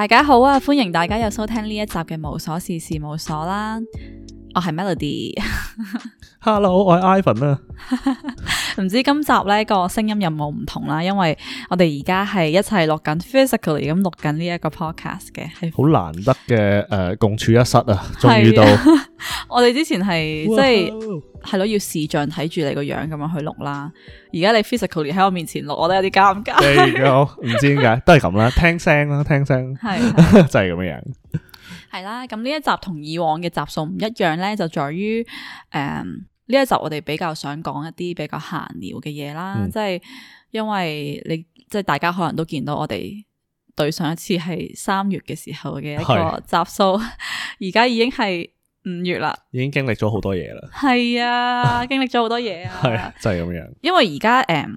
大家好啊！歡迎大家又收聽呢一集嘅無瑣事事務所啦，我係 Melody，Hello， 我係 Ivan 啊。 唔知今集咧個聲音有冇唔同啦，因為我哋而家係一齊錄緊 physically 咁錄緊呢一個 podcast 嘅，好難得嘅誒、呃，共處一室啊，終於到、啊、我哋之前係哇即係係咯，要視像睇住你個樣咁樣去錄啦。而家你 physically 喺我面前錄，我都有啲尷尬。好唔 知點解，都係咁啦，聽聲啦、啊，聽聲係、啊、 就係咁這樣、啊。係啦，咁呢一集同以往嘅集數唔一樣咧，就在於誒。嗯嗯呢一集我哋比較想講一啲比較閒聊嘅嘢啦，嗯、即係因為你即係大家可能都見到我哋對上一次係三月嘅時候嘅一個集數，而家是已經係五月啦，已經經歷咗好多嘢啦，係啊，經歷咗好多嘢啊，係、 啊、就係、是、咁樣。因為而家誒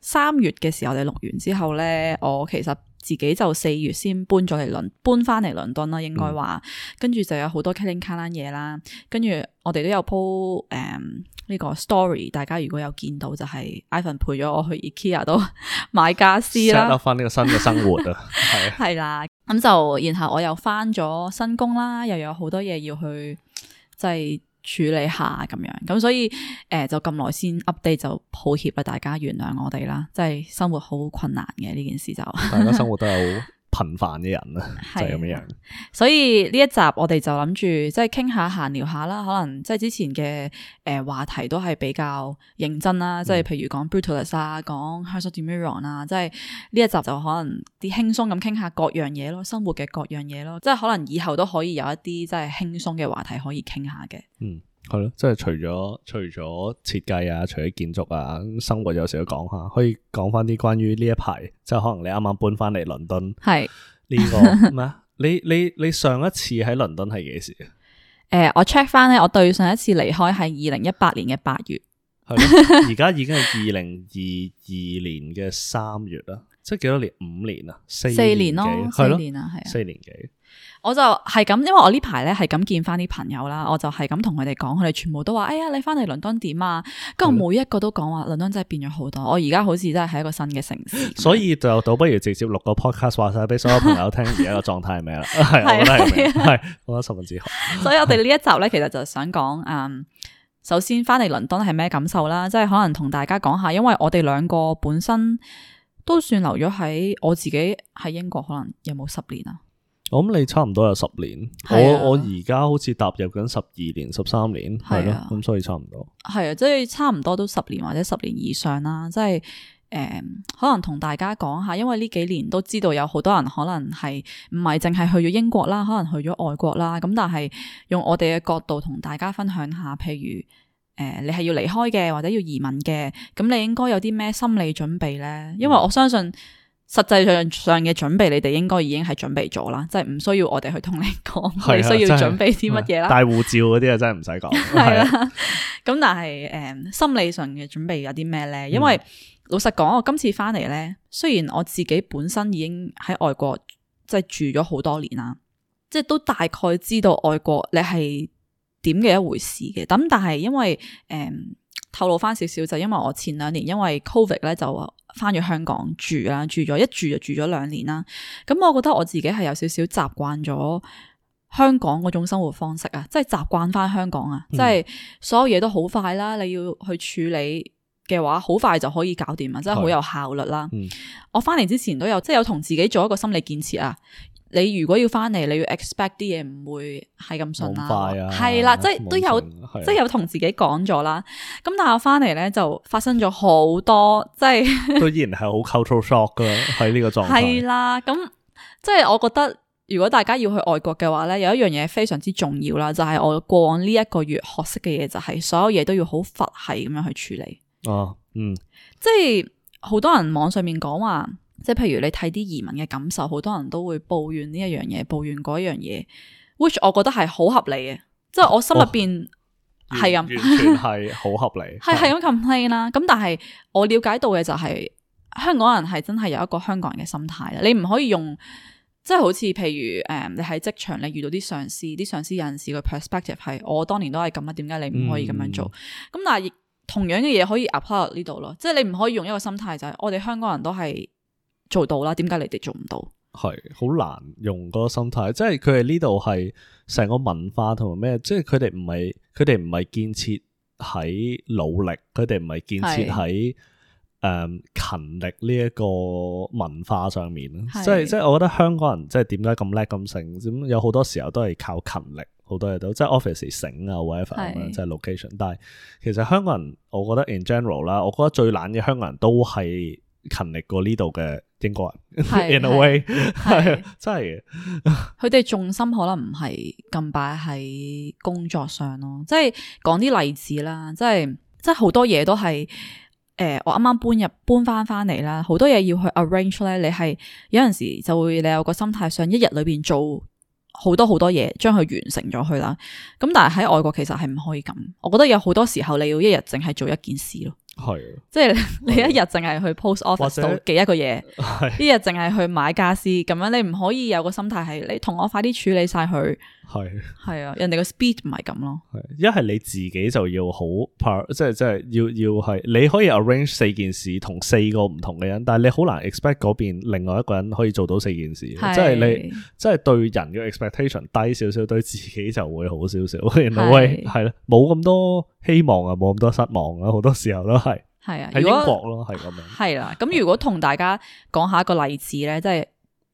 三月嘅時候我哋錄完之後咧，我其實。自己就四月先搬咗嚟倫，搬翻嚟倫敦啦，應該話，跟住就有好多 Killing k a l a n 嘢啦，跟住我哋都有鋪誒呢個 story，大家如果有見到就係、是、Ivan 陪咗我去 IKEA 都 買家私啦，翻呢個新嘅生活啊，係 啦，咁就然後我又翻咗新工啦，又有好多嘢要去，即係。處理下咁樣，咁、嗯、所以誒、呃、就咁耐先 update，就抱歉啊，大家原諒我哋啦，即係生活好困難嘅呢件事就。大家生活都。 平繁嘅人啦，的 就咁樣。所以呢一集我哋就諗住，即係傾下閒聊下啦。可能即係之前嘅誒話題都係比較認真啦，即係譬如講 Brutalist 啊，講 Herzog de Meuron 啊，即係呢一集就可能啲輕鬆咁傾下各樣嘢咯，生活嘅各樣嘢咯。即係可能以後都可以有一啲即係輕鬆嘅話題可以傾下嘅。嗯。係咯，即係除咗除咗設計啊，除咗建築啊，生活有時都講下，可以講翻啲關於呢一排，即係可能你啱啱搬翻嚟倫敦，係呢是個咩啊？ 你你你上一次喺倫敦係幾時？誒、呃，我 check 翻咧，我對上一次離開係二零一八年嘅八月，係咯，而家已經係二零二二年嘅三月啦， 即係幾多年？五年啊，四四年，年咯，四年啊，係四年幾？我就係咁，因為我呢排咧係咁見翻啲朋友啦，我就係咁同佢哋講，佢哋全部都話：哎呀，你翻嚟倫敦點啊？跟住每一個都講話倫敦真係變咗好多，我而家好似真係喺一個新嘅城市。所以就倒不如直接錄個 podcast 話晒俾所有朋友聽而家個狀態係咩啦。係 我覺得十分之好。所以我哋呢一集咧，其實就想講，嗯，首先翻嚟倫敦係咩感受啦？即係可能同大家講下，因為我哋兩個本身都算留咗喺我自己喺英國，可能有冇十年啊？我諗你差唔多有十年，啊、我我而家好似踏入緊十二年、十三年，係咯、啊，咁所以差唔多。係啊，即係差唔多都十年或者十年以上啦。即係誒、呃，可能同大家講下，因為呢幾年都知道有好多人可能係唔係淨係去咗英國啦，可能去咗外國啦。咁但係用我哋嘅角度同大家分享下，譬如誒、呃，你係要離開嘅或者要移民嘅，咁你應該有啲咩心理準備咧？因為我相信。實際上上嘅準備，你哋應該已經係準備咗啦，即係唔需要我哋去同你講，的你需要準備啲乜嘢啦？帶護照嗰啲啊，真係唔使講。係啦的，咁 但係誒、嗯，心理上嘅準備有啲咩咧？因為、嗯、老實講，我今次翻嚟咧，雖然我自己本身已經喺外國即係住咗好多年啦，即係都大概知道外國你係點嘅一回事嘅。咁但係因為誒。嗯透露翻少少就是，因為我前兩年因為 covid 咧，就翻咗香港住啦，住咗一住就住咗兩年啦。咁我覺得我自己係有少少習慣咗香港嗰種生活方式啊，即係習慣翻香港啊，嗯、即係所有嘢都好快啦。你要去處理嘅話，好快就可以搞掂啊，真係好有效率啦。嗯、我翻嚟之前都有即係有同自己做一個心理建設啊。你如果要翻嚟，你要 expect 啲嘢唔會係咁順啦，係啦、啊，即係都有，乘即係有同自己講咗啦。咁的但係我翻嚟咧就發生咗好多，即係都依然係好 culture shock 噶，喺呢個狀態。係啦，咁即係我覺得如果大家要去外國嘅話咧，有一樣嘢非常之重要啦，就係我過往呢一個月學識嘅嘢，就係所有嘢都要好佛系咁樣去處理。哦、啊，嗯，即係好多人網上面講話。即係譬如你睇啲移民嘅感受，好多人都會抱怨呢一樣嘢，抱怨嗰一樣嘢，which 我覺得係好合理嘅。即係我心入邊係咁，完， 完全係好合理，係係咁 complain 啦是。咁但係我了解到嘅就係、是、香港人係真係有一個香港人嘅心態啦。你唔可以用，即係好似譬如誒、嗯，你喺職場你遇到啲上司，啲上司人士嘅 perspective 係我當年都係咁啊，點解你唔可以咁樣做？咁、嗯、但係同樣嘅嘢可以 apply 喺呢度咯。即係你唔可以用一個心態就係我哋香港人都係。做到啦，點解你哋做唔到？係好難用個心態，即係佢哋呢度係成個文化同埋咩？即係佢哋唔係佢哋唔係建設喺努力，佢哋唔係建設喺誒勤力呢一個文化上面咯是。即係即係，我覺得香港人即係點解咁叻咁醒？有好多時候都係靠勤力，好多嘢都即係 office 醒啊或者即係 location。是 location, 但係其實香港人，我覺得 in general 啦，我覺得最懶嘅香港人都係勤力過呢度嘅。英國人係，in a way 係是 真係佢哋重心可能唔係咁擺喺工作上咯，即係講啲例子啦，即係即係好多嘢都係誒、呃，我啱啱搬入搬翻翻嚟啦，好多嘢要去 arrange 咧。你係有陣時就會你有個心態上，一日裏邊做好多好多嘢，將佢完成咗去啦。咁但係喺外國其實係唔可以咁。我覺得有好多時候你要一日淨係做一件事咯。係，啊、即係你一日淨係去 post office 度寄者、啊、一個嘢，一日淨係去買家私咁樣，你唔可以有個心態係，你同我快啲處理晒佢。係，係啊，啊人哋個 speed 唔係咁咯。係，一係你自己就要好 part 即係即係要要係，你可以 arrange 四件事同四個唔同嘅人，但係你好難 expect 嗰邊另外一個人可以做到四件事。啊、即係你，即係對人嘅 expectation 低少少，對自己就會好少少。喂，係啦、啊，冇咁、啊、多。希望啊，冇咁多失望啦，好多時候都係係啊，喺英國咯，係咁樣係啦。咁、啊嗯、Okay. 如果同大家講下一個例子咧，即係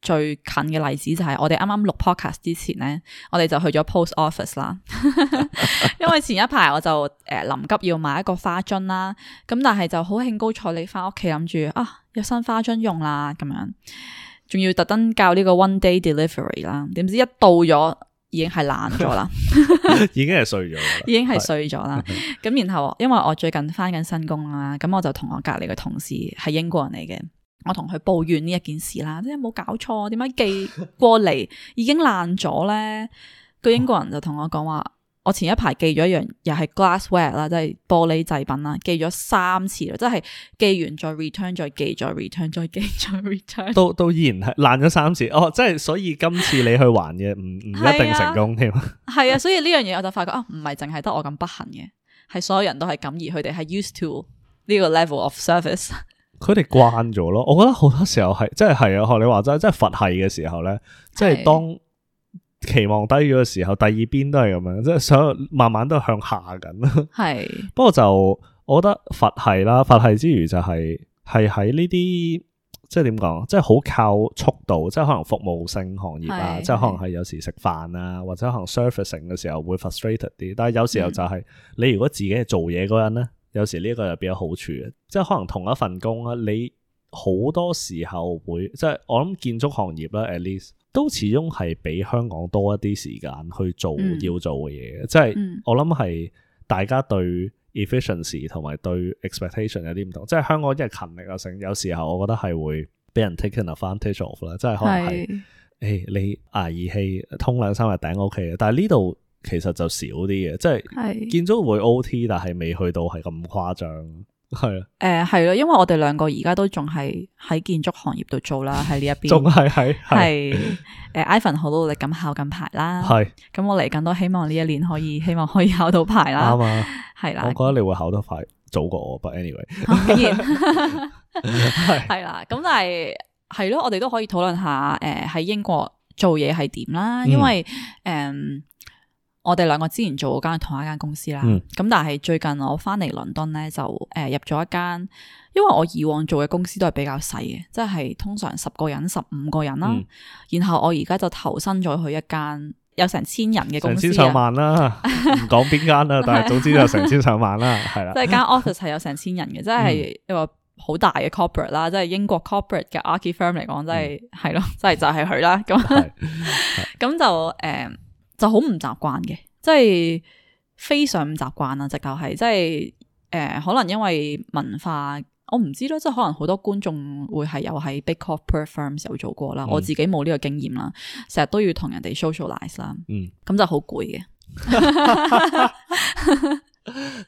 最近嘅例子就係我哋啱啱錄 podcast 之前咧，我哋就去咗 post office 啦。 因為前一排我就誒臨、呃、急要買一個花樽啦，咁但係就好興高采烈翻屋企諗住啊，有新花樽用啦，咁樣仲要特登教呢個 one day delivery 啦，點知一到咗。已經係爛咗啦， 已經係碎咗， 已經係碎咗啦。咁 然後，因為我最近翻緊新工啦，咁 我就同我隔籬嘅同事係英國人嚟嘅，我同佢抱怨呢一件事啦，即係冇搞錯，點解寄過嚟已經爛咗咧？個 英國人就同我講話。我前一排寄咗一樣，又係 glassware 啦，即係玻璃製品啦，寄咗三次啦，即係寄完再 return，再寄再 return，再寄 ret 再 return，都都依然係爛咗三次。哦，即係所以今次你去還嘅唔唔一定成功添。係 啊，所以呢樣嘢我就發覺啊，唔係淨係得我咁不幸嘅，係所有人都係咁，而佢哋係 used to 呢個 level of service。佢哋慣咗咯，我覺得好多時候係，即係係啊，學你話齋，即係佛系嘅時候咧，即係當。期望低咗嘅時候，第二邊都係咁樣，即係想慢慢都向下緊。係是， 不過就我覺得佛系啦，佛系之餘就係係喺呢啲，即係點講，即係好靠速度，即係可能服務性行業啊，是即係可能係有時食飯啊，是或者可能 servicing 嘅時候會 frustrated 啲。但係有時候就係、是嗯、你如果自己係做嘢嗰陣咧，有時呢一個又比較好處，即係可能同一份工啊，你好多時候會，即、就、係、是、我諗建築行業啦、啊、at least。都始終係比香港多一啲時間去做要做嘅嘢，即係我諗係大家對 efficiency 同埋對 expectation 有啲唔同。即係香港因為勤力啊，成有時候我覺得係會俾人 taken advantage of 啦，即係可能係誒是、哎、你捱義氣通兩三日頂 O K 嘅，但係呢度其實就少啲嘅，即係建築會 O T，但係未去到係咁誇張。係啊，誒係咯，因為我哋兩個而家都仲係喺建築行業度做啦，喺呢一邊仲係喺係，誒、呃、，Ivan 好努力咁考緊牌啦，係，咁我嚟緊都希望呢一年可以，希望可以考到牌啦，啱嘛？啊。係啦，我覺得你會考得快，早過我，but anyway，係、嗯，係啦，咁但係係咯，我哋都可以討論下，誒、呃，喺英國做嘢係點啦，因為誒。我哋兩個之前做過間同一間公司啦，咁、嗯、但係最近我翻嚟倫敦咧就誒、呃、入咗一間，因為我以往做嘅公司都係比較細嘅，即係通常十個人、十五個人啦、啊。嗯、然後我而家就投身咗去一間有成千人嘅公司，成千上萬啦，唔講邊間啦， 但係總之就成千上萬啦，係啦。即係間 office 係有成千人嘅，嗯、即係一個好大嘅 corporate 啦，即係英國 corporate 嘅 archie firm 嚟講，即係係咯，即係、嗯、 就係佢啦。咁咁 就誒。嗯就好唔習慣嘅，即係非常唔習慣啊。直頭係即係誒、呃，可能因為文化，我唔知啦，即係可能好多觀眾會係有喺 big corporate firms 時候做過啦，嗯、我自己冇呢個經驗啦，成日都要同人哋 socialize 啦、嗯，咁就好攰嘅。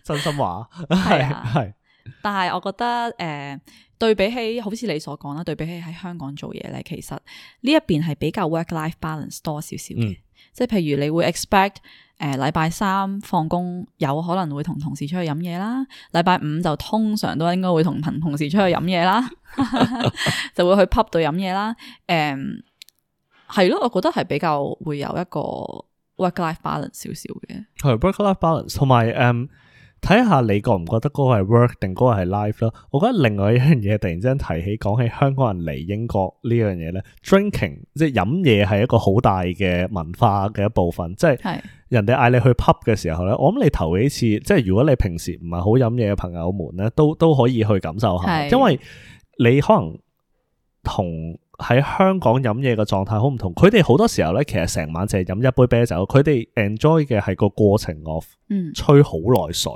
真心話係係，啊、 但係我覺得誒、呃，對比起好似你所講啦，對比起喺香港做嘢咧，其實呢一邊係比較 work life balance 多少少嘅。即係譬如你會 expect 誒、呃、禮拜三放工有可能會同同事出去飲嘢啦，禮拜五就通常都應該會同朋同事出去飲嘢啦， 就會去 pub 度飲嘢啦，誒係咯，我覺得係比較會有一個 work-life balance 少少嘅，係 work-life balance 同埋誒。Um, 睇下你覺唔覺得嗰個係 work 定嗰個係 life 咯？我覺得另外一樣嘢，突然之間提起講起香港人嚟英國呢樣嘢咧，drinking 即係飲嘢係一個好大嘅文化嘅一部分，即係人哋嗌你去 pub 嘅時候咧，我諗你頭幾次，即係如果你平時唔係好飲嘢嘅朋友們咧，都都可以去感受下，是因為你可能同，喺香港飲嘢嘅狀態好唔同，佢哋好多時候咧，其實成晚淨係飲一杯啤酒。佢哋 enjoy 嘅係個過程 o 吹好耐水，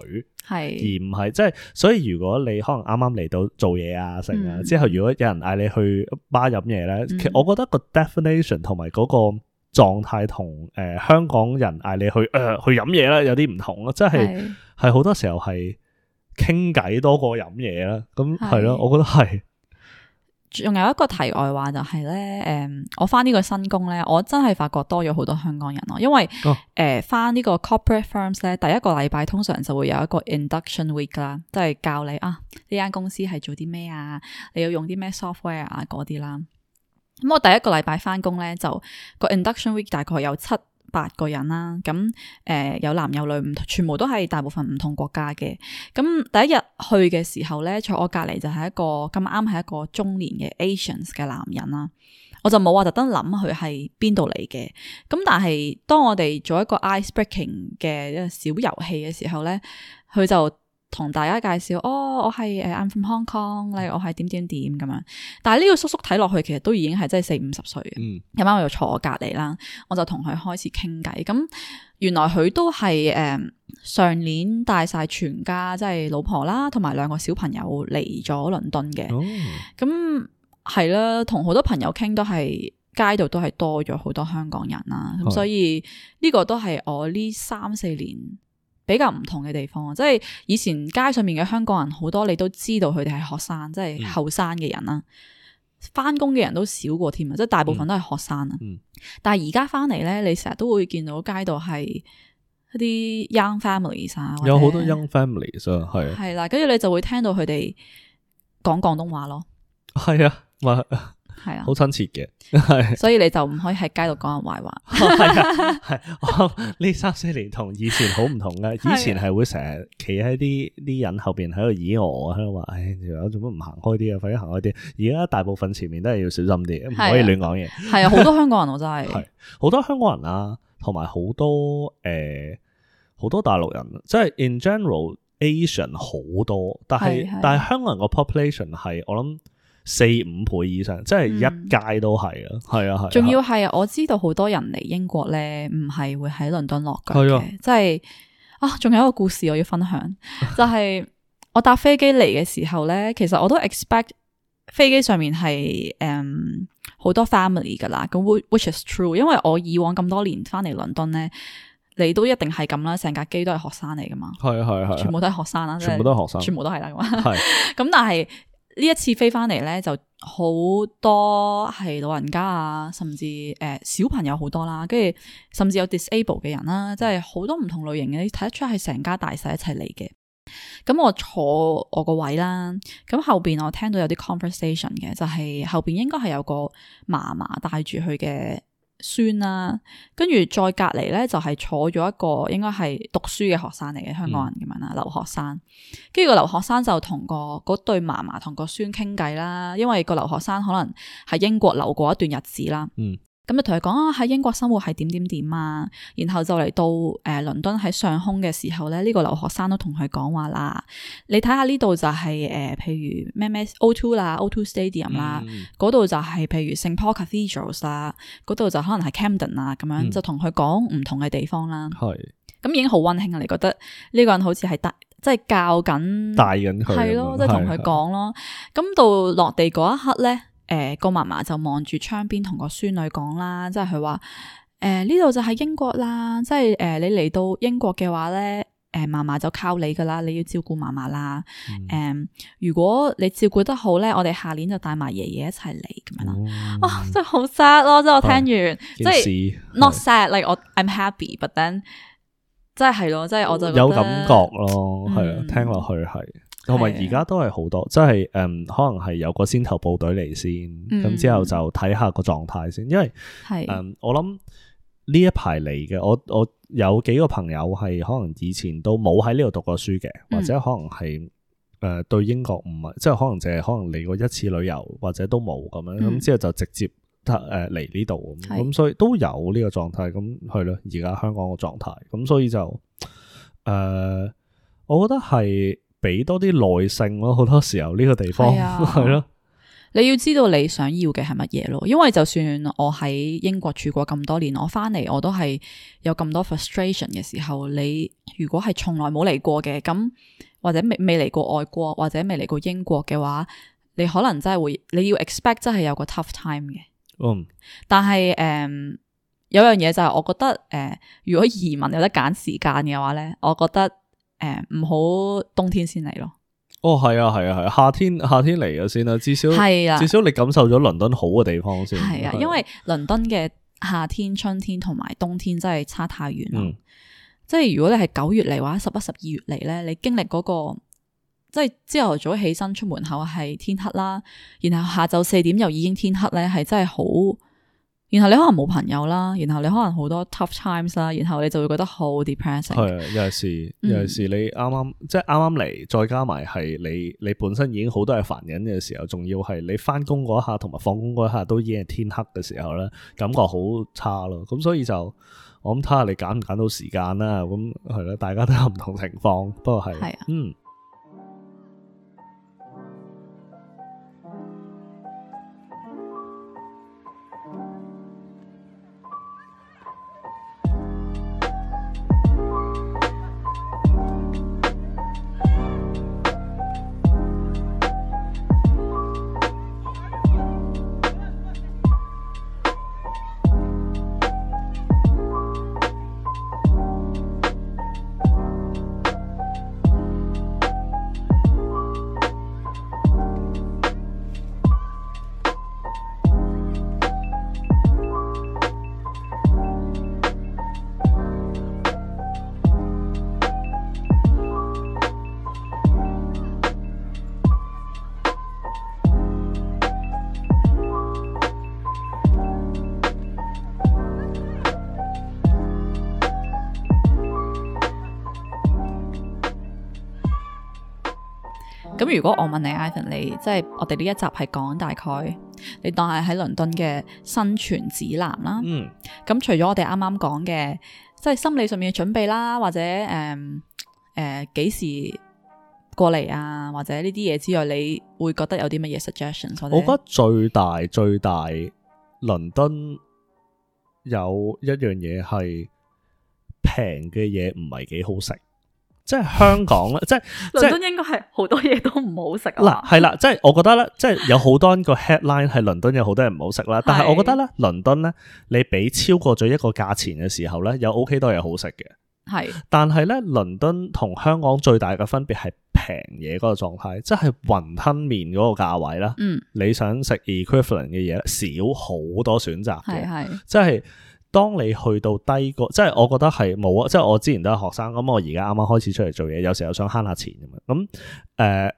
嗯、而唔係即係。所以如果你可能啱啱嚟到做嘢啊，成啊、嗯，之後如果有人嗌你去 bar 飲嘢咧，嗯、其實我覺得個 definition 同埋嗰個狀態同誒香港人嗌你去誒、呃、去飲嘢咧有啲唔同囉，即係係好多時候係傾偈多過飲嘢啦，咁係咯，我覺得係。仲有一個題外話就係、是、咧，誒、嗯，我返呢個新工咧，我真係發覺多咗好多香港人咯，因為誒返呢個 corporate firms 咧，第一個禮拜通常就會有一個 induction week 啦，即係教你啊，呢間公司係做啲咩啊，你要用啲咩 software 啊嗰啲啦。咁、嗯、我第一個禮拜返工咧，就個 induction week 大概有七八個人啦，咁誒、呃、有男有女，唔全部都係大部分唔同國家嘅。咁第一日去嘅時候咧，坐我隔離就係一個咁啱係一個中年嘅 Asians 嘅男人啦，我就冇話特登諗佢係邊度嚟嘅。咁但係當我哋做一個 ice breaking 嘅一個小遊戲嘅時候咧，佢就，同大家介紹，哦，我係誒，I'm from Hong Kong，例、like，如我係點點點咁樣，但係呢個叔叔睇落去，其實都已經係真係四五十歲，嗯，夜晚我就坐我隔籬啦，我就同佢開始傾偈，咁原來佢都係誒上年帶晒全家，即係老婆啦，同埋兩個小朋友嚟咗倫敦嘅，咁係、哦嗯、啦，同好多朋友傾都係街度都係多咗好多香港人啦，咁、哦、所以呢、呢個都係我呢三四年。比較唔同嘅地方即係以前街上面嘅香港人好多，你都知道佢哋係學生，嗯、即係後生嘅人啦。翻工嘅人都少過添啊，即係大部分都係學生啊。嗯、但係而家翻嚟咧，你成日都會見到街度係一啲 young families，有好多 young families，係係啦，跟住你就會聽到佢哋講廣東話咯。係啊，係啊，好親切嘅，係，所以你就唔可以喺街度講人壞話。係 啊，係、啊，呢三四年同以前好唔同嘅，以前係會成日企喺啲啲人後邊喺度耳我，喺度話，哎，做乜做乜唔行開啲啊？快啲行開啲。而家大部分前面都係要小心啲，唔、啊、可以亂講嘢。係啊，好、啊、多香港人我真係、啊，好多香港人啊，同埋好多誒，好、呃、多大陸人，即係 in general Asian 好多，但係是但係香港人個 population 係我諗。四五倍以上，即係一街都係、嗯、啊，係啊，係。仲要係啊，我知道好多人嚟英國咧，唔係會喺倫敦落腳嘅，的即係啊。仲有一個故事我要分享， 就係我搭飛機嚟嘅時候咧，其實我都 expect 飛機上面係誒好多 family 噶啦，咁 which is true，因為我以往咁多年翻嚟倫敦咧，你都一定係咁啦，成架機都係學生嚟噶嘛，係係係，全部都係學生啦，全部都係學生，是全部都係啦，係咁， 但係。呢一次飛翻嚟咧，就好多係老人家啊，甚至誒、呃、小朋友好多啦，跟住甚至有 disable 嘅人啦，即係好多唔同類型嘅，你睇得出係成家大細一齊嚟嘅。咁我坐我個位啦，咁後邊我聽到有啲 conversation 嘅，就係、是、後邊應該係有個嫲嫲帶住佢嘅。孫啦，跟住、啊、再隔籬咧就係坐咗一個應該係讀書嘅學生嚟嘅香港人咁樣啦，嗯、留學生，跟住個留學生就同個嗰對嫲嫲同個孫傾偈啦，因為個留學生可能喺英國留過一段日子啦。嗯咁就同佢講啊，喺英國生活係點點點啊，然後就嚟到誒倫敦喺上空嘅時候咧，呢、這個留學生都同佢講話啦。你睇下呢度就係誒，譬如咩咩 O2 啦、O2 Stadium 啦，嗰度、嗯、就係譬如 St. Paul Cathedral 啦，嗰度就可能係 Camden 啊，咁樣、嗯、就同佢講唔同嘅地方啦。係是，咁已經好溫馨啊！你覺得呢個人好似係帶，即係教緊帶緊佢，係了咯，即係同佢講咯。咁、嗯、到落地嗰一刻咧。誒，個嫲嫲就望住窗邊同個孫女講啦，即係佢話誒呢度就係、是呃、英國啦，即係誒你嚟到英國嘅話咧，誒嫲嫲就靠你㗎啦，你要照顧嫲嫲啦，誒、嗯嗯、如果你照顧得好咧，我哋下年就帶埋爺爺一齊嚟咁樣啦。哇、哦哦，真係好 sad 咯，即係我聽完即係 not sad，like 我 I'm happy but then，即係係咯，即係、哦、我就有感覺咯，係啊、嗯，聽落去係。同埋而家都係好多，即係誒、嗯，可能係有個先頭部隊嚟先，咁、嗯、之後就睇下個狀態先。因為係是、嗯，我諗呢一排嚟嘅，我我有幾個朋友係可能以前都冇喺呢度讀過書嘅，嗯、或者可能係誒、呃、對英國唔係，即係可能淨係可能嚟過一次旅遊，或者都冇咁樣，咁、嗯、之後就直接誒嚟呢度咁，咁是、嗯、所以都有呢個狀態咁去咯。而家香港個狀態咁，所以就誒、呃，我覺得係。俾多啲耐性咯，好多時候呢個地方係咯，啊 啊、你要知道你想要嘅係乜嘢咯。因為就算我喺英國住過咁多年，我翻嚟我都係有咁多 frustration 嘅時候。你如果係從來冇嚟過嘅，咁或者未未嚟過外國，或者未嚟過英國嘅話，你可能真係會你要 expect 真係有個 tough time 嘅。嗯，但係誒、呃、有樣嘢就係、是、我覺得誒、呃，如果移民有得揀時間嘅話咧，我覺得。誒，唔好、嗯、冬天先嚟咯。哦，係啊，係啊，係、啊、夏天夏天嚟咗先啦，至少、啊、至少你感受咗倫敦好嘅地方先。係啊，啊，因為倫敦嘅夏天、春天同埋冬天真係差太遠啦。嗯、即係如果你係九月嚟或者十一、十二月嚟咧，你經歷嗰、那個，即係朝頭早起身出門口係天黑啦，然後下晝四點又已經天黑咧，係真係好。然後你可能冇朋友啦，然後你可能好多 tough times 啦，然後你就會覺得好 depressing。係，尤其係，尤其係你啱啱、嗯、即係啱啱嚟，再加埋係你你本身已經好多係煩人嘅時候，仲要係你翻工嗰下同埋放工嗰下都已經係天黑嘅時候咧，感覺好差咯。咁所以就我諗睇下你揀唔揀到時間啦。咁係啦，大家都有唔同情況，不過係，係啊，嗯。如果我問你，Ivan，你即係我哋呢一集係講大概，你當係喺倫敦嘅生存指南啦。嗯。嗯，咁除咗我哋啱啱講嘅，即係心理上面嘅準備啦，或者誒誒幾時過嚟啊，或者呢啲嘢之外，你會覺得有啲乜嘢 suggestions？我覺得最大最大，倫敦有一樣嘢係平嘅嘢唔係幾好食。即係香港咧，即係，倫敦應該係好多嘢都唔好食啦。嗱，係啦， 即係我覺得咧，即係有好多個 headline 係倫敦有好多人唔好食啦。但係我覺得咧，倫敦咧，你俾超過咗一個價錢嘅時候咧，有 OK 都係好食嘅。係是，但係咧，倫敦同香港最大嘅分別係平嘢嗰個狀態，即係雲吞麵嗰個價位啦。嗯，你想食 equivalent 嘅嘢，少好多選擇嘅，係，即係。當你去到低個，即係我覺得係冇啊！即係我之前都係學生，咁我而家啱啱開始出嚟做嘢，有時候想慳下錢咁樣，咁誒、呃、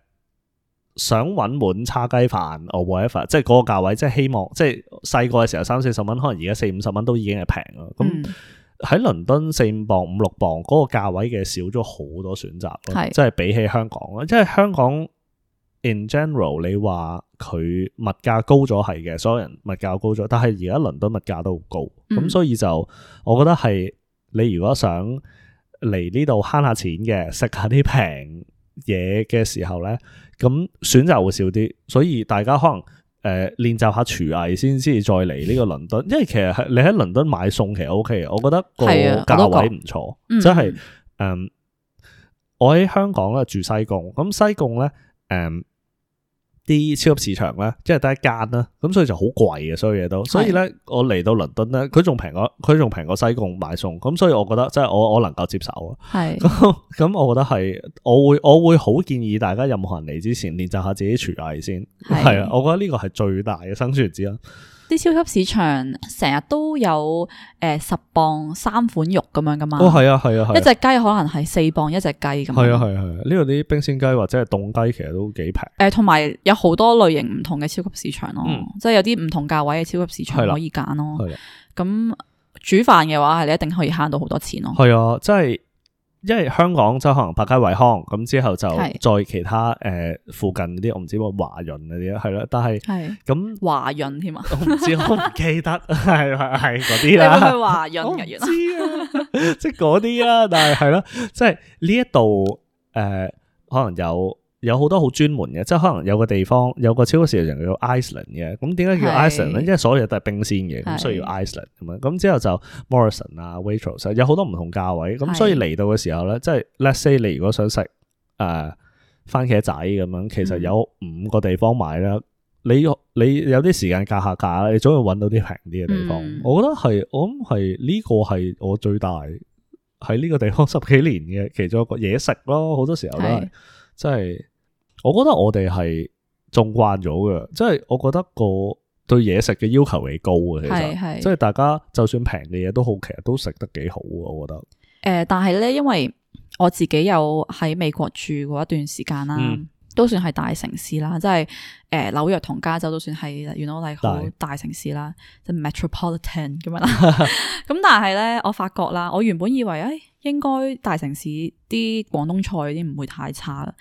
想搵碗叉雞飯，whatever，即係嗰個價位，即係希望，即係細個嘅時候三四十蚊，可能而家四五十蚊都已經係平啦。咁喺倫敦四五磅五六磅嗰、嗰個價位嘅少咗好多選擇咯，即係比起香港啊，是即係香港 in general 你話。佢物價高咗係嘅，所有人物價高咗，但係而家倫敦物價都好高，咁、嗯、所以就我覺得係你如果想嚟呢度慳下錢嘅，食下啲平嘢嘅時候咧，咁選擇會少啲，所以大家可能誒、呃、練習下廚藝先先再嚟呢個倫敦，因為其實係你喺倫敦買餸其實 O、OK, K，我覺得個價位唔錯，即係誒我喺香港咧住西貢，咁西貢咧誒。嗯啲超級市場咧，即係得一間啦，咁所以就好貴嘅，所有嘢都，所以咧我嚟到倫敦咧，佢仲平過，佢仲平過西貢買餸，咁所以我覺得即係我我能夠接受啊。係是，咁咁 我覺得係，我會我會好建議大家任何人嚟之前練習下自己廚藝先，係是啊，我覺得呢個係最大嘅生存之一。啲超級市場成日都有誒十磅三款肉咁樣㗎嘛，哦係啊係啊係，啊一隻雞可能係四磅一隻雞咁，係啊係啊係，呢度啲冰鮮雞或者係凍雞其實都幾平，誒同埋有好多類型唔同嘅超級市場咯，嗯、即係有啲唔同價位嘅超級市場可以揀咯，係啊，咁、啊、煮飯嘅話係你一定可以慳到好多錢咯，係啊，即係。因為香港就可能百佳惠康，咁之後就再其他誒是、呃、附近啲我唔知乜華潤嗰啲係咯，但係咁華潤添啊？我唔知，我唔記得，係係係嗰啲啦。你係咪華潤日啊？ 即係嗰啲啊，但係係咯，即係呢一度誒可能有。有好多好專門嘅，即係可能有個地方有個超市嘅人叫 Iceland 嘅，咁點解叫 Iceland 咧？因為所有嘢都係冰鮮嘅，咁所以叫 Iceland 咁樣。咁之後就 Morrison 啊，Waitrose 有好多唔同價位，咁 所以嚟到嘅時候咧，即係 Let’s say 你如果想食誒、呃、番茄仔咁樣，其實有五個地方買啦、mm.。你你有啲時間格下價，價，你總要揾到啲平啲嘅地方。Mm. 我覺得係，我諗係呢個係我最大喺呢個地方十幾年嘅其中一個嘢食咯。好多時候都係即係。Mm. 即係即係我覺得我哋係縱慣咗嘅，即係我覺得個對嘢食嘅要求幾高嘅，其實，是是即係大家就算平嘅嘢都好，其實都食得幾好我覺得。誒、呃，但係咧，因為我自己有喺美國住過一段時間啦，嗯、都算係大城市啦，即係誒紐約同加州都算係是原來我哋好大城市啦，是即 metropolitan 咁樣啦。咁 但係咧，我發覺啦，我原本以為誒、哎、應該大城市啲廣東菜啲唔會太差。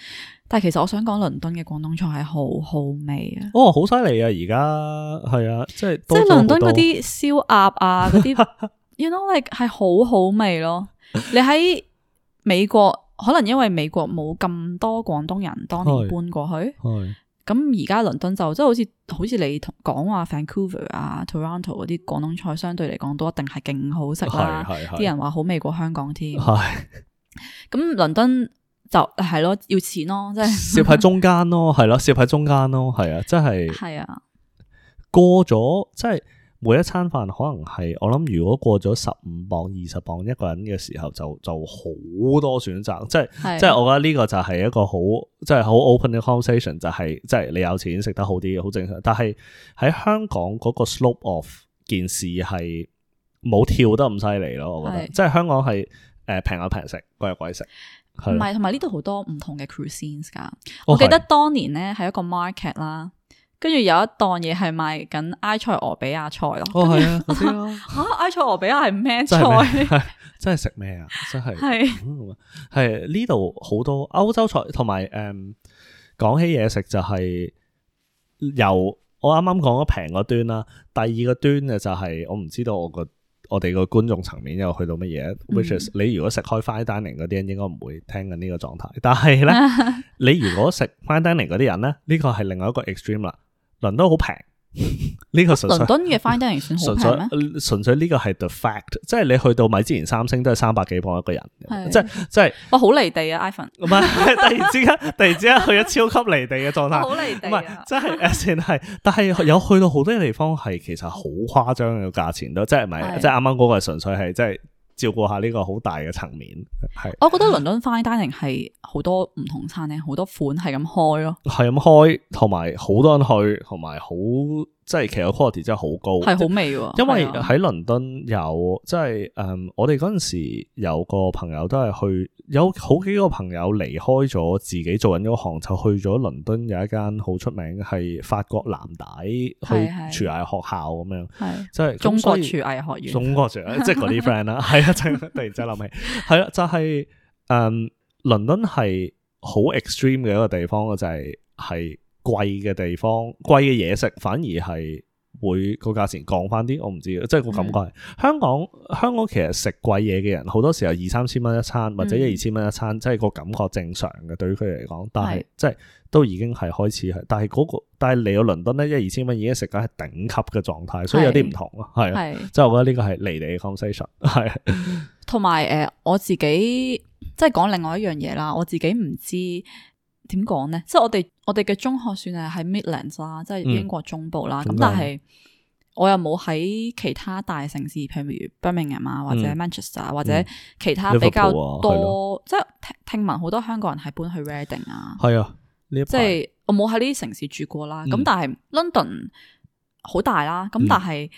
但係其實我想講，倫敦嘅廣東菜係好好味、哦、啊！哦，好犀利啊！而家係啊，即係即係倫敦嗰啲燒鴨啊，嗰啲 ，you know like 係好好味咯。你喺美國，可能因為美國冇咁多廣東人，當年搬過去，係咁，而家倫敦就即係好似好似你講話 Vancouver 啊、Toronto 嗰啲廣東菜，相對嚟講都一定係勁好食啦。係啲人話好味過香港添。係咁是，是 倫敦。就係咯，要錢咯，即係攝喺中間咯，係咯，攝喺中間咯，係啊的，即係係啊，過咗即係每一餐飯可能係我諗，如果過咗十五磅、二十磅一個人嘅時候就，就就好多選擇，即係的即係，我覺得呢個就係一個好即係好 open 嘅 conversation，就係、是、即係你有錢食得好啲，好正常。但係喺香港嗰個 slope of 件事係冇跳得咁犀利咯，的我覺得即係香港係誒平有平食，貴有貴食。便便唔係，啊、同埋呢度好多唔同嘅 cuisine 噶。我記得當年咧係、啊、一個 market 啦，跟住有一檔嘢係賣緊埃塞俄比亞菜咯。哦，係跟著、哦、啊，嗰啲咯，埃塞俄比亞係咩菜？係真係食咩啊？真係係係呢度好多歐洲菜，同埋誒講起嘢食就係由我啱啱講咗平嗰端啦。第二個端嘅就係、是、我唔知道我個。我哋嘅觀眾層面又去到乜嘢？Which is、嗯、你如果食開 fine dining 嗰啲人應該唔會聽緊呢個狀態，但係咧 你如果食 fine dining 嗰啲人咧，呢、這個係另外一個 extreme 啦，輪都好平。呢 個純粹倫、啊、敦嘅 findings 算好平純粹呢嗎個係 the fact，即係你去到米之前，三星都係三百幾磅一個人，的即係即係哇，好離地啊 Ivan，唔係突然之間，突然之間去咗超級離地嘅狀態，好離地、啊，唔 係真係，先係，但係有去到好多地方係其實好誇張嘅價錢咯，即係咪的？即係啱啱嗰個純粹係即係。照顧下呢個好大嘅層面，係。我覺得倫敦 fine dining 係好多唔同餐廳，好多款係咁開咯，係咁開，同埋好多人去，同埋好。即係其實 quality 真係好高，係好味喎。嗯、因為喺倫敦有即係，嗯，我哋嗰陣時有個朋友都係去有好幾個朋友離開咗自己做緊嗰行，就去咗倫敦有一間好出名係法國藍帶去廚藝學校咁樣，係即係中國廚藝以學院，中國廚藝即係嗰啲 friend 啦。係啊， 突然之間諗起，係啦、 嗯，就係、是，嗯，倫敦係好 extreme 嘅一個地方嘅就係、是、係。貴嘅地方，貴嘅嘢食反而係會個價錢降翻啲，我唔知，即係個感覺係香港。香港其實食貴嘢嘅人，好多時候二三千蚊一餐，或者一二千蚊一餐，嗯、即係個感覺正常嘅，對於佢嚟講。但係即係都已經係開始係，但係嗰個，但係嚟到倫敦咧，一二千蚊已經食緊係頂級嘅狀態，所以有啲唔同咯，係是、啊，即係我覺得呢個係離地嘅 conversation，係。同埋誒，我自己即係講另外一樣嘢啦，我自己唔知。點講咧？即係我哋我哋嘅中學算係喺 Midlands 啦，嗯、即係英國中部啦。咁、嗯、但係我又冇喺其他大城市，譬、嗯、如 Birmingham 啊，或者 Manchester、嗯、或者其他比較多。即係、嗯、聽、嗯、聽聞好多香港人係搬去 Reading 啊。係啊、嗯，即係我冇喺呢啲城市住過啦。咁、嗯嗯、但係 London 好大啦。咁但係。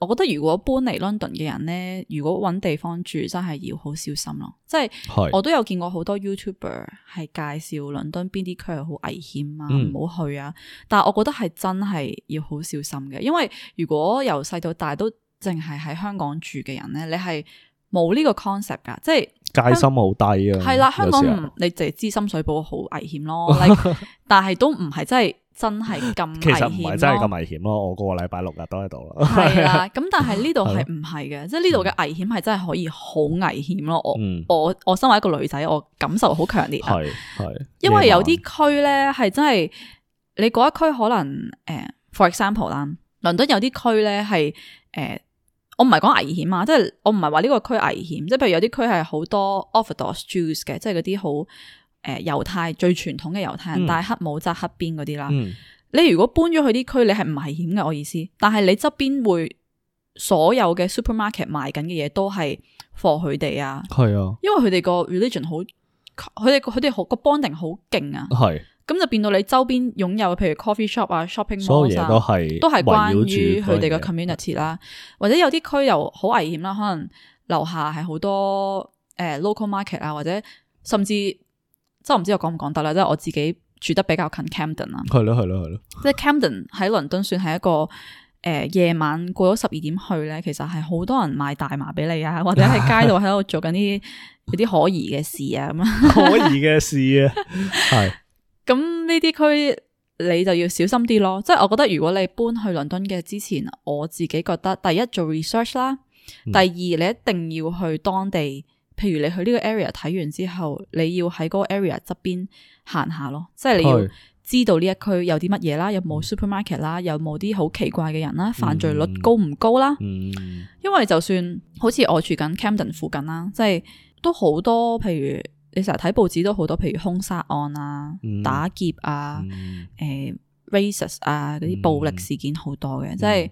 我覺得如果搬嚟倫敦嘅人咧，如果揾地方住，真係要好小心咯。即係是我都有見過好多 YouTuber 係介紹倫敦邊啲區係好危險啊，唔好、嗯、去啊。但係我覺得係真係要好小心嘅，因為如果由細到大都淨係喺香港住嘅人咧，你係。冇呢個 concept 噶，即係戒心好低啊。係啦、嗯，香港你淨係知深水埗好危險咯， 但係都唔係真係真係咁危險咯。其實唔係真係咁危險咯。 險咯我個個禮拜六日都喺度 啦。係啦，咁但係呢度係唔係嘅，即係呢度嘅危險係真係可以好危險咯。嗯、我我我身為一個女仔，我感受好強烈、啊。係係，因為有啲區咧係真係，害你嗰一區可能誒、呃、for example 啦，倫敦有啲區咧係誒。呃呃呃我唔係講危險啊，即係我唔係話呢個區危險，即係譬如有啲區係好多 Orthodox Jews 嘅，即係嗰啲好誒猶太最傳統嘅猶太人，戴、嗯、黑帽紮黑辮嗰啲啦。嗯、你如果搬咗去啲區，你係唔危險嘅，我意思。但係你側邊會所有嘅 supermarket 賣緊嘅嘢都係 for 佢哋啊。係啊，因為佢哋個 religion 好，佢哋佢哋好個 bonding 好勁啊。係。咁就變到你周邊擁有，譬如 coffee shop 啊、shopping mall 啊，所有嘢都係都係關於佢哋嘅 community 啦。或者有啲區又好危險啦，可能樓下係好多誒、呃、local market 啊，或者甚至即係唔知我講唔講得啦。即係我自己住得比較近 Camden 啊，係咯係咯係咯。即係 Camden 喺倫敦算係一個誒、呃、夜晚過咗十二點去咧，其實係好多人賣大麻俾你啊，或者喺街度喺度做緊啲 有啲可疑嘅事， 事啊，咁可疑嘅事啊，係。 咁呢啲區你就要小心啲咯，即係我覺得如果你搬去倫敦嘅之前，我自己覺得第一做 research 啦，第二你一定要去當地，譬如你去呢個 area 睇完之後，你要喺嗰個 area 側邊行下咯，即係你要知道呢一區有啲乜嘢啦，有冇 supermarket 啦，有冇啲好奇怪嘅人啦，犯罪率高唔高啦？嗯嗯、因為就算好似我住緊 Camden 附近啦，即係都好多譬如。你成日睇報紙都好多，譬如兇殺案啊、嗯、打劫啊、誒 racist、嗯、呃啊，啲暴力事件好多嘅，即係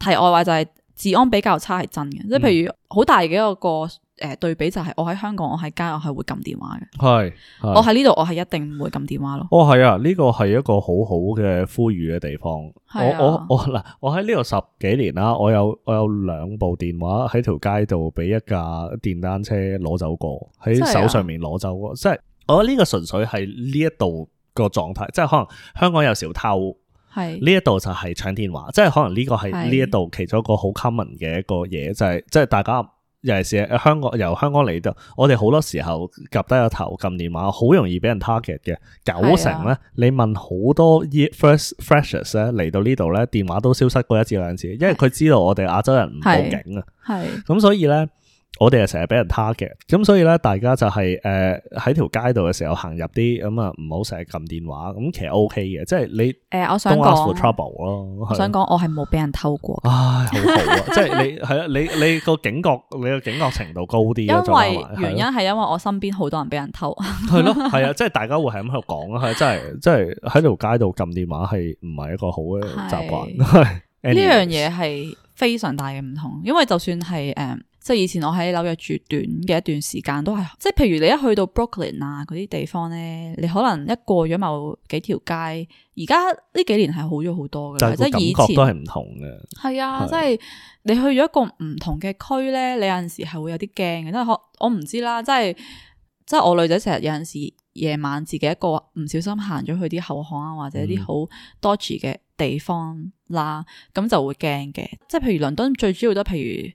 題外話就係治安比較差係真嘅，嗯、即係譬如好大嘅一個，個。誒，對比就係我喺香港，我喺街我係會撳電話嘅。係，我喺呢度我係一定唔會撳電話咯。哦，係啊，呢個係一個好好嘅呼籲嘅地方。啊、我我我嗱，我喺呢度十幾年啦，我有我有兩部電話喺條街度俾一架電單車攞走過，喺手上面攞走過。即係、啊、我呢個純粹係呢一度個狀態，即係可能香港有小偷，係呢一度就係搶電話，即係可能呢個係呢一度其中一個好 common 嘅一個嘢，就係即係大家。尤其係香港由香港嚟到，我哋好多時候夾低個頭，撳電話，好容易俾人 target 嘅，九成咧，你問好多 first freshers 咧嚟到呢度咧，電話都消失過一次兩次，因為佢知道我哋亞洲人唔報警啊，咁所以咧。我哋係成日俾人偷嘅，咁所以咧，大家就係誒喺條街度嘅時候行入啲咁啊，唔好成日撳電話，咁其實 O K 嘅，即係你誒、呃，我想講，trouble, 我想講，我係冇俾人偷過，唉，好好啊， 即係你係啊，你你個警覺，你個警覺程度高啲， 因為原因係因為我身邊好多人俾人偷， 係咯，係啊，即係大家會係咁喺度講啊，真係真係喺條街度撳電話係唔係一個好嘅習慣，呢樣嘢係非常大嘅唔同，因為就算係誒。嗯即係以前我喺紐約住短嘅一段時間，都係即係。譬如你一去到 Brooklyn、ok、啊嗰啲地方咧，你可能一過咗某幾條街。而家呢幾年係好咗好多嘅，即係感覺都係唔同嘅。係啊，是即係你去咗一個唔同嘅區咧，你有陣時係會有啲驚嘅，因為我我唔知啦。即係即係我女仔成日有陣時夜晚自己一個，唔小心行咗去啲後巷啊，或者啲好 dodgy 嘅地方啦，咁、嗯、就會驚嘅。即係譬如倫敦最主要都譬如。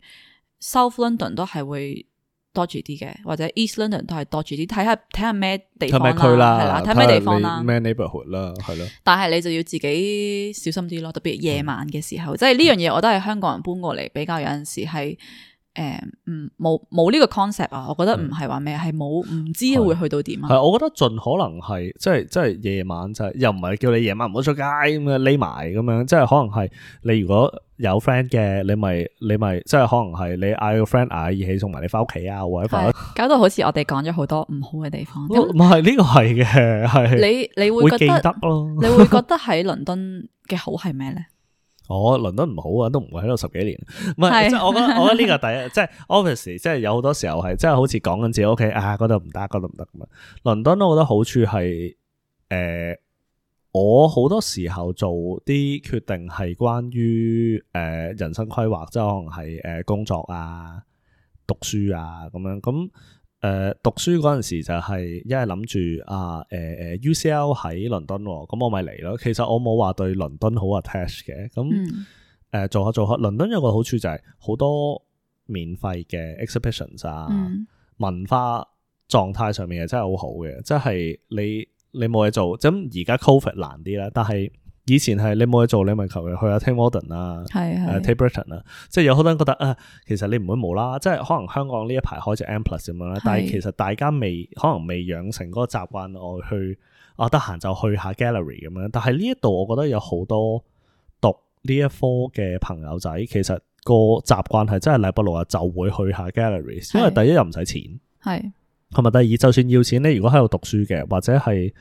South London 都係會 dodgy 啲嘅，或者 East London 都係 dodgy 啲，睇下睇下咩地方啦，係啦，睇咩地方啦，咩 neighborhood 啦，係咯。但係你就要自己小心啲咯，特別夜晚嘅時候，即係呢樣嘢我都係香港人搬過嚟，比較有陣時係。誒，唔冇冇呢個 concept 啊，我覺得唔係話咩，係冇唔知會去到點啊。係，我覺得盡可能係，即係即係夜晚，就係又唔係叫你夜晚唔好出街咁樣匿埋，咁樣即係可能係你如果有 friend 嘅，你咪你咪，即係可能係你嗌個 friend 嗌熱氣送埋你返屋企啊，或者搞到好似我哋講咗好多唔好嘅地方。唔係呢個係嘅，係你你會記得咯，你會覺得喺倫敦嘅好係咩咧？ 我倫、哦、敦唔好啊，都唔會喺度十幾年。唔 係是，即係是 我覺得，我覺得呢個第一，即係 obviously，即係有好多時候係，即係好似講緊自己屋企啊，嗰度唔得，嗰度唔得咁啊。倫敦我覺得好處係，誒、呃，我好多時候做啲決定係關於誒、呃、人生規劃，即係可能係誒工作啊、讀書啊咁樣咁。誒、呃、讀書嗰陣時就係一係諗住啊誒誒、呃、UCL 喺倫敦喎，咁我咪嚟咯。其實我冇話對倫敦好 attach 嘅，咁誒、嗯呃、做下做下。倫敦有個好處就係好多免費嘅 exhibitions 啊，嗯、文化狀態上面係真係好好嘅，即、就、係、是、你你冇嘢做。咁、就、而、是、家 COVID 難啲啦，但係。以前係你冇嘢做，你咪求其去下 Tate Modern 啊的，Tate Britain 啊，的即係有好多人都覺得啊，其實你唔會冇啦，即係可能香港呢一排開隻 M+ 咁樣啦，的但係其實大家未可能未養成嗰個習慣，我去啊得閒就去下 Gallery 咁樣。但係呢一度我覺得有好多讀呢一科嘅朋友仔，其實個習慣係真係禮拜六啊，就會去下 Gallery，的因為第一又唔使錢，係同埋第二就算要錢，你如果喺度讀書嘅或者係。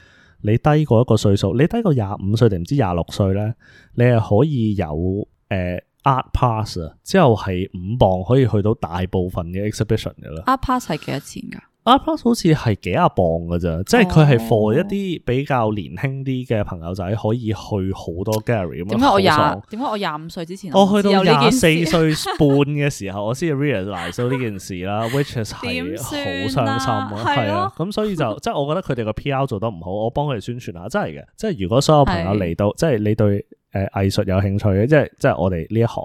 你低過一個歲數，你低過廿五歲定唔知廿六歲咧，你係可以有誒、呃、Art Pass 啊，之後係五磅可以去到大部分嘅 exhibition 嘅啦。Art Pass 係幾多錢㗎？阿 p a d 好似係幾阿磅噶咋，即係佢係 for 一啲比較年輕啲嘅朋友仔可以去好多 gallery 咁樣。點解我廿？點解我廿五歲之前？我去到廿四歲半嘅時候，我先 realize 到呢件事啦，which is 好傷心啊，係啊。咁所以就即係我覺得佢哋個 P.R. 做得唔好，我幫佢哋宣傳下真係嘅。即係如果所有朋友嚟到即係你對誒藝術有興趣嘅，即係即係我哋呢一行，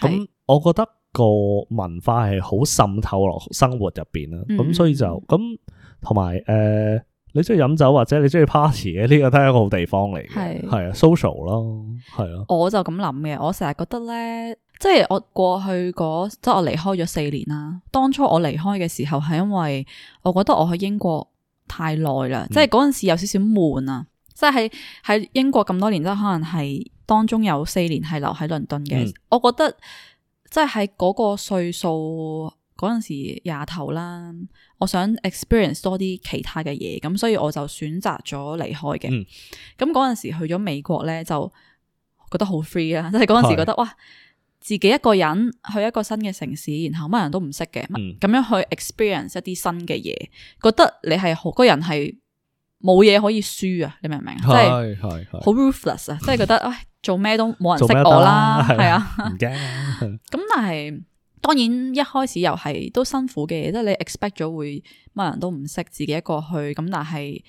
咁我覺得。個文化係好滲透落生活入邊啦，咁、嗯、所以就咁同埋誒，你中意飲酒或者你中意 party 呢個都係一個好地方嚟嘅，係啊是，social 咯，係啊。我就咁諗嘅，我成日覺得咧，即係我過去嗰，即係我離開咗四年啦。當初我離開嘅時候係因為我覺得我喺英國太耐啦、嗯，即係嗰陣時有少少悶啊，即係喺英國咁多年，都可能係當中有四年係留喺倫敦嘅，嗯、我覺得。即係喺嗰個歲數嗰陣時廿頭啦，我想 experience 多啲其他嘅嘢，咁所以我就選擇咗離開嘅。咁嗰陣時去咗美國咧，就覺得好 free 啊！即係嗰陣時覺得是哇，自己一個人去一個新嘅城市，然後乜人都唔識嘅，咁、嗯、樣去 experience 一啲新嘅嘢，覺得你係好個人係冇嘢可以輸啊！你明唔明啊？即係係係好 ruthless 是啊是！即係覺得唉。做咩都冇人識我啦，係啊吧，唔驚吧。咁 但係當然一開始又係都辛苦嘅，即係你 expect 咗會乜人都唔識，自己一個去。咁但係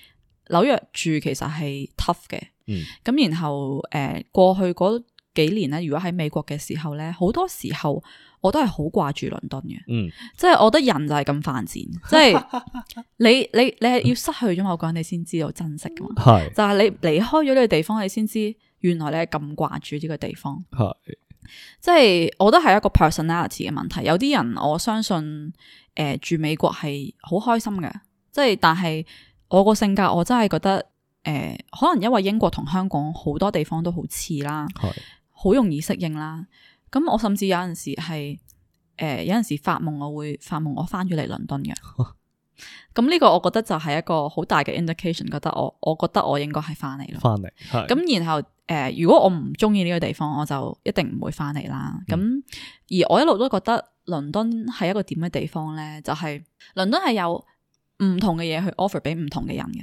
紐約住其實係 tough 嘅，嗯。咁然後誒、呃、過去嗰幾年咧，如果喺美國嘅時候咧，好多時候我都係好掛住倫敦嘅，嗯。即係我覺得人就係咁犯賤，即係、嗯、你你你係要失去咗某個人，你先知道珍惜噶嘛，係、嗯。就係你離開咗呢個地方，你先知。原來咧咁掛住呢個地方，係是即係，我都係一個 personality 嘅問題。有啲人我相信，誒、呃、住美國係好開心嘅，即係但係我個性格，我真係覺得，誒、呃、可能因為英國同香港好多地方都好似啦，係好是容易適應啦。咁我甚至有陣時係，誒、呃、有陣時發夢我會發夢我翻咗嚟倫敦嘅。咁呢、啊、個我覺得就係一個好大嘅 indication，覺得我我覺得我應該係翻嚟咯，翻嚟。咁然後。誒，如果我唔中意呢個地方，我就一定唔會翻嚟啦。咁、嗯、而我一路都覺得倫敦係一個點嘅地方咧，就係、是、倫敦係有唔同嘅嘢去 offer 俾唔同嘅人嘅，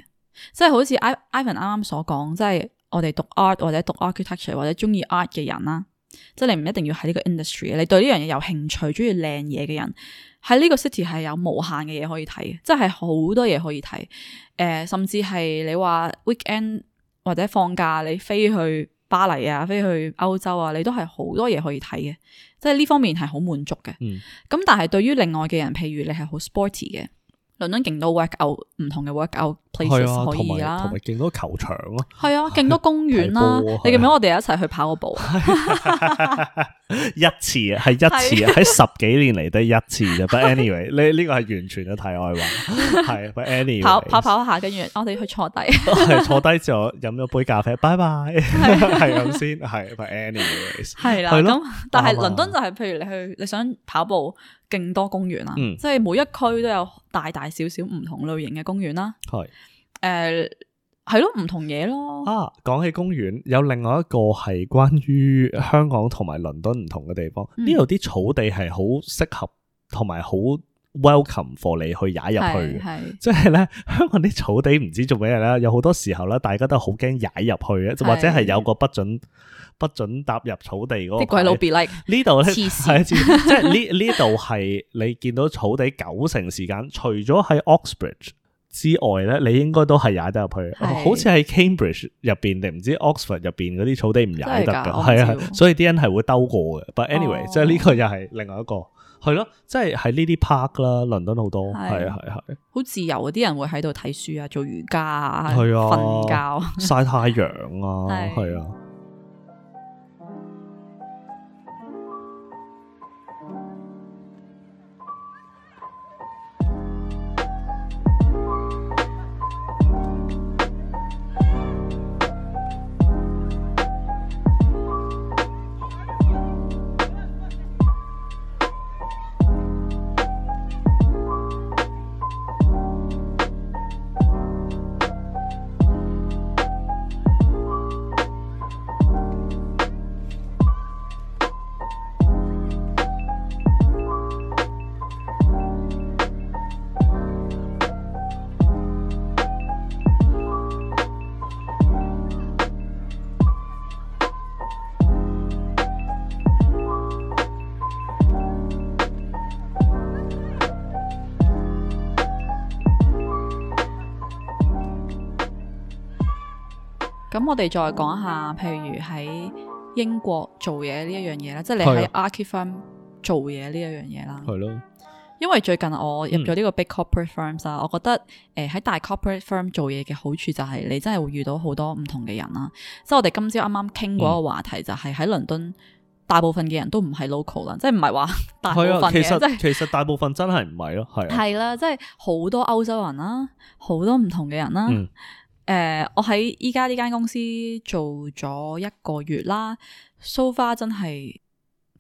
即、就、係、是、好似 Ivan 啱啱所講，即、就、係、是、我哋讀 art 或者讀 architecture 或者中意 art 嘅人啦，即、就、係、是、你唔一定要喺呢個 industry，你對呢樣嘢有興趣，中意靚嘢嘅人，喺呢個 city 係有無限嘅嘢可以睇，即係好多嘢可以睇。誒、呃，甚至係你話 weekend。或者放假你飛去巴黎啊，飛去歐洲啊，你都係好多嘢可以睇嘅，即係呢方面係好滿足嘅。咁、嗯、但係對於另外嘅人，譬如你係好 sporty 嘅，倫敦勁多 work out 唔同嘅 work out。係啊，同埋同埋，勁多球場咯，係啊，勁多公園啦。你記唔記得我哋一齊去跑過步？一次啊，係一次啊，喺十幾年嚟得一次啫。But anyway，呢呢個係完全嘅題外話，係。But anyway，跑跑跑下，跟住我哋去坐低。係坐低之後飲咗杯咖啡，拜拜。係咁先？係 anyway 跑跑下，跟住我哋去坐低，坐低之後飲咗杯咖啡，拜拜，係咁先，係 anyway 係啦。咁但係倫敦就係，譬如你去，你想跑步，勁多公園啦，即係每一區都有大大小小唔同類型嘅公園啦，係。誒，係、嗯、咯，唔同嘢咯。啊，講起公園，有另外一個係關於香港同埋倫敦唔同嘅地方。呢度啲草地係好適合，同埋好 welcome，for 你去踩入去。係，即係咧，香港啲草地唔知做咩嘢咧，有好多時候咧，大家都好驚踩入去嘅，或者係有個不准，不准踏入草地。啲鬼佬 be like 呢度咧，係即係呢，呢度係你見到草地九成時間，除咗喺 Oxford 之外咧，你應該都係踩得入去，是好似喺 Cambridge 入邊定唔知 Oxford 入邊嗰啲草地唔踩得㗎，係啊的，所以啲人係會兜過嘅。But anyway，、哦、即係呢個又係另外一個，係咯，即係喺呢啲 park 啦，倫敦好多，係啊係係，好自由啊！啲人會喺度睇書啊，做瑜伽啊，瞓的覺、曬太陽啊，係啊 的。我哋再講下，譬如喺英國做嘢呢一樣嘢啦，了即係你喺 Archie Firm 做嘢呢一樣嘢啦。係咯了，因為最近我入咗呢個 Big Corporate Firm 啦、嗯，我覺得誒喺大 Corporate Firm 做嘢嘅好處就係你真係會遇到好多唔同嘅人啦。即係我哋今朝啱啱傾過一個話題，就係喺倫敦，大部分嘅人都唔係 local 啦、嗯，即係唔係話大部分嘅，即係其實大部分真係唔係咯，係係啦，即係好多歐洲人啦，好多唔同嘅人啦。嗯。誒、呃，我喺依家呢間公司做咗一個月啦。so far 真係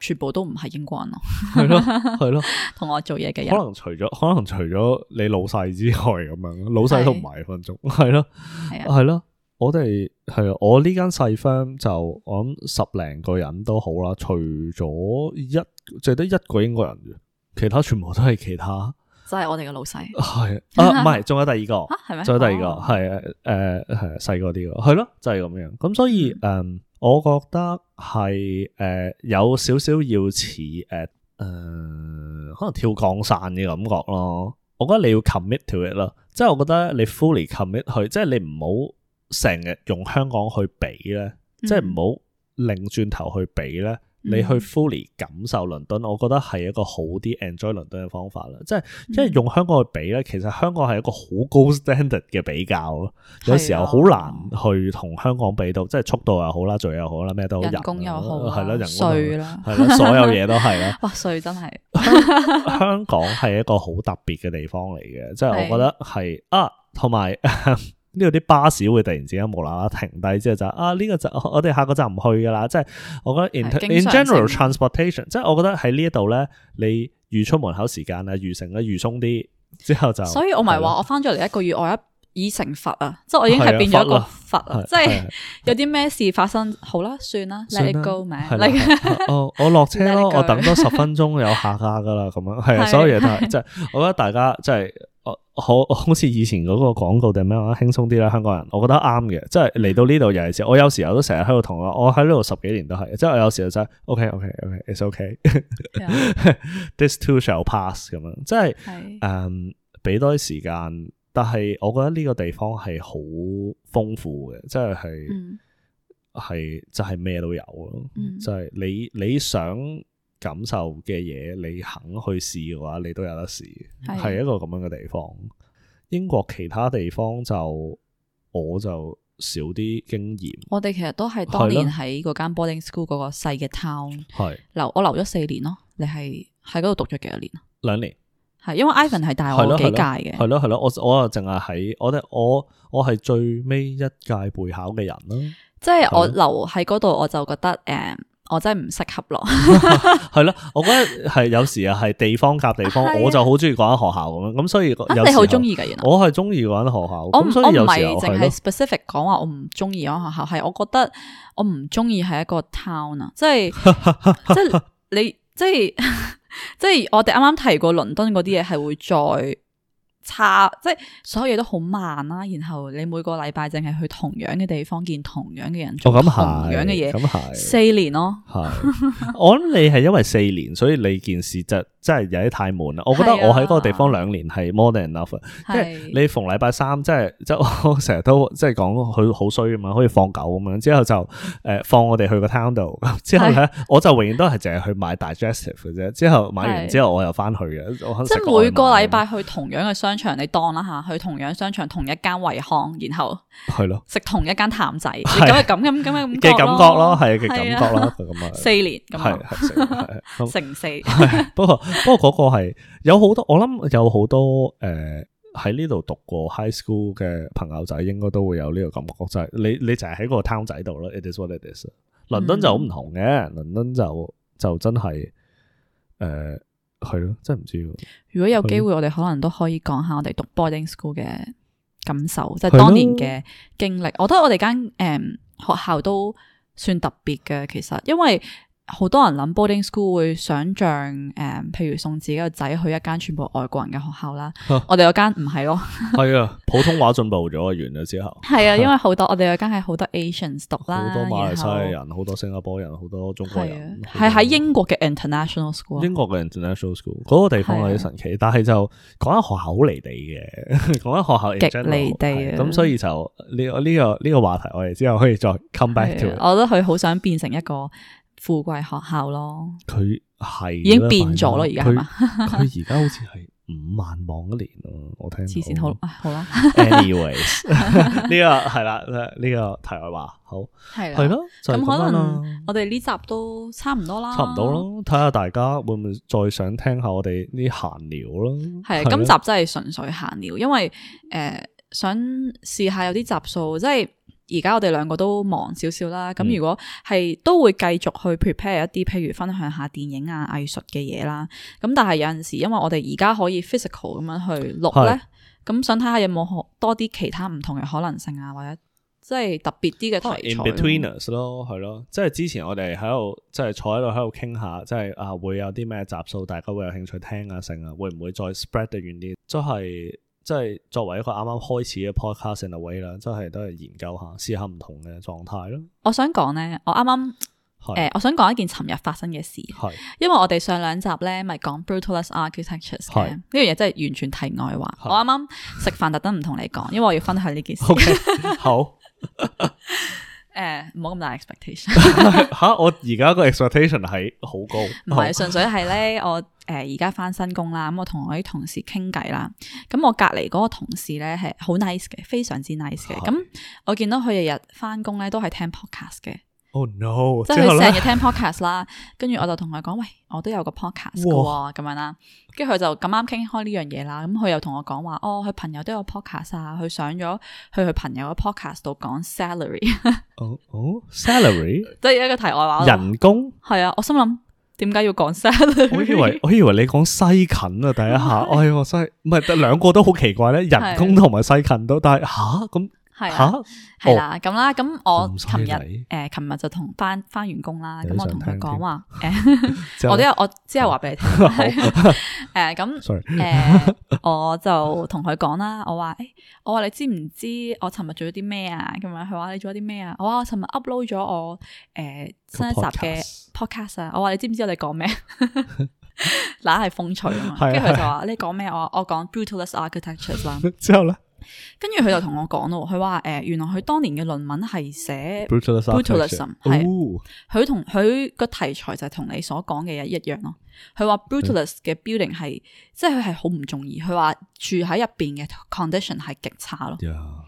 全部都唔係英國人咯，係咯、啊，係咯、啊。同 我做嘢嘅人可，可能除咗可能除咗你老細之外咁樣，老細都唔係分鐘，係咯、啊，係咯、 啊。我哋係啊，我呢間細 firm 就我諗十零個人都好啦，除咗一，淨係得一個英國人，其他全部都係其他。就係我哋嘅老細，係 啊，唔係，仲有第二個，嚇係咩、啊？仲有第二個，係誒、oh?，係、呃、細個啲嘅，係咯，就係、是、咁樣。咁所以誒、嗯嗯，我覺得係誒、呃、有少少要似誒誒，可能跳降傘嘅感覺咯。我覺得你要 commit to it 咯，即係我覺得你 fully commit 去，即係你唔好成日用香港去比咧，嗯、即係唔好擰轉頭去比咧。你去 fully 感受倫敦，我覺得係一個好啲 enjoy 倫敦嘅方法啦。即係即係用香港去比咧，其實香港係一個好高 standard 嘅比較咯。有時候好難去同香港比到，即係速度又好啦，做又好啦，咩都好，人工又好，係咯，人工稅了啦，係咯，所有嘢都係啦。哇！稅真係。香港係一個好特別嘅地方嚟嘅，即係我覺得係的啊，同埋。 呢度啲巴士會突然之間無啦啦停低，之後就啊呢個就，我哋下個站唔去噶啦。即係我覺得 in general transportation，即係我覺得喺呢一度咧，你預出門口時間啊，預成啊，預鬆啲之後就。所以我咪話我返咗嚟一個月，我一已成佛啊！即係我已經係變咗一個佛啊！即係有啲咩事發生，好啦，算啦，let it go，咩？哦，我落車咯，我等多十分鐘有下架噶啦，咁樣係啊，所有嘢都係即係，我覺得大家即係。好好似以前嗰個廣告定咩話輕鬆啲啦，香港人，我覺得啱嘅，即係嚟到呢度又係。我有時候都成日喺度同我我喺呢度十幾年都係，即係我有時候就真係 OK OK OK，it's、okay, OK，this、okay、Yeah. too shall pass 咁樣，即係誒，俾 Yeah.、嗯、多啲時間。但係我覺得呢個地方係好豐富嘅，即係係係就係、是、咩都有咯，mm. 就係你你想。感受嘅嘢，你肯去試嘅話，你都有得試，係的一個咁樣嘅地方。英國其他地方就我就少啲經驗。我哋其實都係當年喺嗰間 boarding school 嗰的個細嘅 town，係的留我留咗四年咯。你係喺嗰度讀咗幾多年啊？兩年，係年因為 Ivan 係大我幾屆嘅，係咯係咯，我我就淨係喺我哋我我係最尾一屆備考嘅人啦。即係我留喺嗰度，我就覺得誒。Uh, 我真係唔適合咯，係咯，我覺得係有時啊，係地方夾地方， 的我就好中意講返學校咁樣，咁、啊、所以有你好中意嘅，人，我係中意講返學校，我唔不我唔係淨係 specific 講話我唔中意講返學校，係我覺得我唔中意係一個 town 啊，即係即係你即係即係我哋啱啱提過倫敦嗰啲嘢係會再。差，即係所有嘢都好慢啦，然後你每個禮拜淨係去同樣嘅地方見同樣嘅人做、哦、同樣嘅嘢，咁四年咯、喔。是 我諗你係因為四年，所以你件事就。真係有啲太悶啦！我覺得我喺嗰個地方兩年係 more than enough，即係你逢禮拜三，即係即我成日都即係講佢好衰咁樣，可以放狗咁樣，之後就誒放我哋去個 town 度，之後咧我就永遠都係淨係去買 digestive 嘅啫。之後買完之後我又翻去嘅，即每個禮拜去同樣嘅商場，你當啦嚇，去同樣商場同一間惠康，然後係咯，食同一間譚仔咁，係咁咁嘅感覺咯，係嘅感覺咯，咁啊四年係係成四，不過。不過嗰個係有好多，我諗有好多誒喺呢度讀過 high school 嘅朋友仔，應該都會有呢個感覺，就係，你你就係喺個 town 仔度咯。It is what it is。倫敦就好唔同嘅，嗯，倫敦就就真係誒係咯，真係唔知。如果有機會，的我哋可能都可以講下我哋讀 boarding school 嘅感受，即係當年嘅經歷。的我覺得我哋間誒學校都算特別嘅，其實因為。好多人諗 boarding school 會想象誒、嗯，譬如送自己個仔去一間全部外國人嘅學校啦。啊、我哋有間唔係咯，係啊，普通話進步咗 完咗之後，係啊，因為好多我哋有間係好多 Asians 讀啦，好多馬來西亞人，好後多新加坡人，好多中國人，係喺英國嘅 international school，英國嘅 international school 嗰個地方有啲神奇，的但係就講緊學校好離地嘅，講緊學校極離地，嘅。咁所以就呢、這個呢個呢個話題我哋之後可以再 come back to 的我覺得佢好想變成一個。富貴學校咯，佢係已經變咗咯，而家佢而家好似係五萬鎊一年咯， 我聽黐線好好啦 ，anyways 呢、 呢個係啦，呢、呢個題、呢個呢個、外話好係啦，咯的，咁的可能我哋呢集都差唔多啦，差唔多咯，睇下大家會唔會再想聽下我哋啲閒聊咯，係啊的，的今集真係純粹閒聊，因為誒、呃、想試下有啲集數即係。而家我哋兩個都忙少少啦，咁如果係都會繼續去 prepare 一啲，譬如分享下電影啊、藝術嘅嘢啦。咁但係有陣時，因為我哋而家可以 physical 咁樣去錄呢，咁係想睇下有冇多啲其他唔同嘅可能性啊，或者即係特別啲嘅題材啊。in between us 咯，係咯，即係之前我哋喺度即係坐喺度喺度傾下，即係啊會有啲咩集數大家會有興趣聽啊成啊，會唔會再 spread 得遠啲？即係。即係作為一個啱啱開始嘅 podcast anyway 啦，即係都係研究下，試下唔同嘅狀態咯。我想講呢，我啱啱誒，我想講一件尋日發生嘅事。係的，因為我哋上兩集呢咪講 brutalist architectures 嘅呢樣的嘢，真係完全題外話。的我啱啱食飯特登唔同你講， 因為我要分享呢件事。Okay，好。 誒，冇咁、呃、大 expectation 吓， 我而家個 expectation 係好高，唔係純粹係咧，我誒而家翻新工啦，咁、呃、我同我啲同事傾偈啦，咁我隔離嗰個同事咧係好 nice 嘅，非常之 nice 嘅，咁的我見到佢日日翻工咧都係聽 podcast 嘅。哦、oh、no！即係佢成日聽 podcast 啦，跟住我就同佢講，喂，我都有個 podcast 嘅咁樣啦，哇 跟住佢就咁啱傾開呢樣嘢啦。咁佢又同我講話，哦，佢朋友都有 podcast 啊，佢上咗去佢朋友嘅 podcast 度講 salary。哦哦，salary，即係一個題外話。人工係啊，我心諗點解要講 salary？ 我以為我以為你講西芹啊，第一下，是哎呀西，唔係，兩個都好奇怪咧，人工同埋西芹都， 但係吓咁。係啊，係啦，咁啦，咁我琴日誒，琴日就同翻翻完工啦，咁我同佢講話，我都有我之後話俾你聽，誒咁，誒我就同佢講啦，我話，我話你知唔知我琴日做咗啲咩啊？咁啊，佢話你做咗啲咩啊？我話我琴日 upload 咗我誒新一集嘅 podcast 啊，我話你知唔知我哋講咩？嗱係風趣啊，跟住佢就話你講咩？我我講 brutalist architecture 啦，之後咧。跟住佢就同我講咯，佢話誒，原來佢當年嘅論文係寫 brutalism，係佢同佢個題材就係同你所講嘅嘢一樣咯。佢話 brutalism 嘅 building 係，即係佢係好唔中意。佢話住喺入邊嘅 condition 係極差咯。Yeah.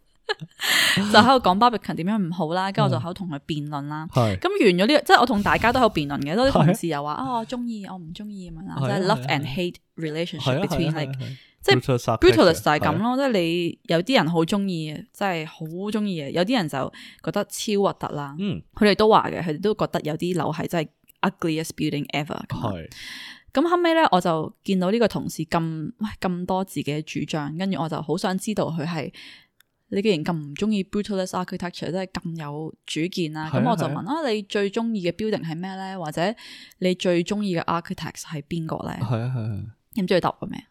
就喺度講 Barbican 點樣唔好啦，跟住我就喺度同佢辯論啦。咁完咗呢個，即係我同大家都有辯論嘅，都啲同事又話啊，我中意，我唔中意咁樣啦，即係 love and hate relationship between，即係 brutalist 就係咁咯。即係你有啲人好中意，即係好中意嘅，有啲人就覺得超核突啦。佢哋都話嘅，佢哋都覺得有啲樓係真係 ugliest building ever。咁後尾咧，我就見到呢個同事咁咁多自己嘅主張，跟住我就好想知道佢係。你既然咁唔中意 brutalist architecture，都係咁有主見啊！咁、啊、我就問啦、啊啊，你最中意嘅 Building 係咩咧？或者你最中意嘅 architect 係邊個咧？係啊係係，點、啊啊、知佢答我咩？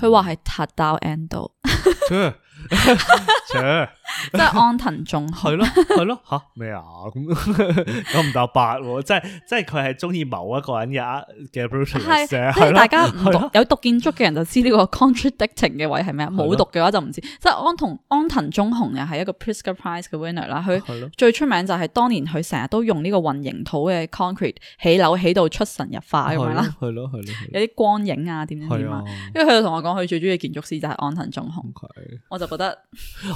佢話係 Tadao Ando。 呵呵呵 即係安藤忠雄係咯係咯吓咩啊咁咁唔到八喎，即係即係佢係中意某一個人嘅嘅 building 大家唔讀 有讀建築嘅人就知呢個 contradicting 嘅位係咩冇讀嘅話就唔知 是的 即係安同安藤忠雄又係一個 Pritzker Prize 嘅 winner 啦，佢最出名就係當年佢成日都用呢個混凝土嘅 concrete 起樓起到出神入化咁樣啦，係咯係咯， 有啲光影啊點點點啊，因為佢就同我講佢最中意建築師就係安藤忠雄佢. 就覺得，